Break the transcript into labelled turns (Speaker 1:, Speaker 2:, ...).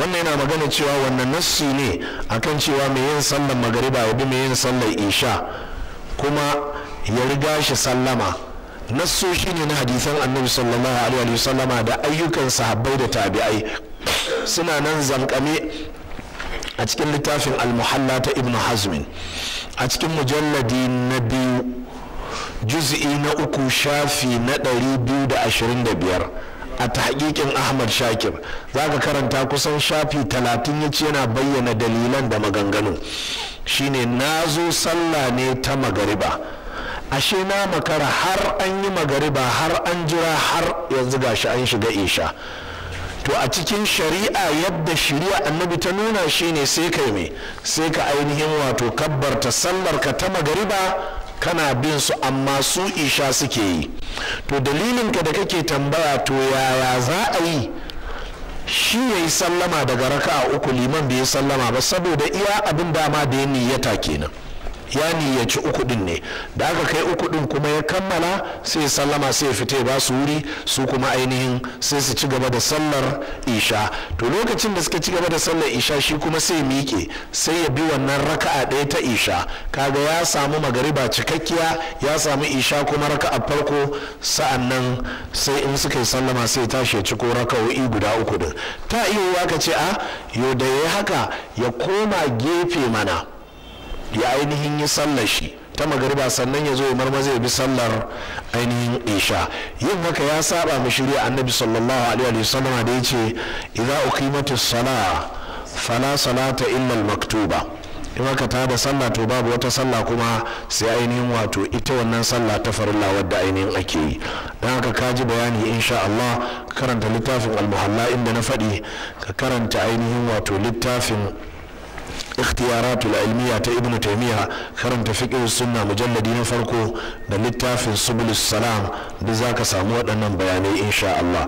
Speaker 1: wannan yana magana cewa wannan nassi ne akan cewa mai yin sallar magariba ya bi mai yin sallar isha kuma ya riga shi sallama nassoshi ne na hadisan annabi sallallahu alaihi wasallama da ayyukan sahabbai da tabi'ai suna nan zankame a cikin littafin almuhalla ta ibnu hazmin a cikin mujalladi na biyu juz'i na uku shafi na 225 a tahqiqin ahmad shakir za ka karanta kusan shafi talatin ya ce yana bayyana dalilan da maganganu shine na zo sallah ne ta magariba ashe na makara har an yi magariba har an jira har yanzu gashi an shiga isha to a cikin shari'a yadda shari'a annabi ta nuna shine sai kai me sai ka ainihin wato kabbarta sallar ka ta magariba kana bin su amma su isha suke yi to dalilinka da kake tambaya to yaya za a yi shi ya yi sallama daga raka'a uku liman bai yi sallama ba saboda iya abin dama da ya niyyata kenan ya niyyaci uku din ne da aka kai uku din kuma ya kammala sai sallama sai ya fita ba su wuri su kuma ainihin sai su ci gaba da sallar isha to lokacin da suka ci gaba da sallar isha shi kuma sai miƙe sai ya bi wannan raka'a ɗaya ta isha kaga ya samu magariba cikakkiya ya samu isha kuma raka'a farko sa'annan sai in suka yi sallama sai tashi ya ci ko raka'o'i guda uku din ta iya ka ce a ah, yau da ya haka ya koma gefe mana ya ainihin yi sallar shi ta magariba sannan ya zo ya marmaza ya bi sallar ainihin isha yin haka ya saba mu shirya annabi sallallahu alaihi wa sallam da yace idza uqimatu salah fala salata illa al maktuba in haka ta da sallah to babu wata sallah kuma sai ainihin wato ita wannan sallah ta farilla wadda ainihin ake yi don haka ka ji bayani insha Allah karanta littafin al-muhalla inda na faɗi ka karanta ainihin wato littafin ikhtiyaratu ilmiya ta ibnu taimiyya karanta fiqh sunna mujalladi na farko da littafin subulus salam duk zaka samu waɗannan bayanai insha Allah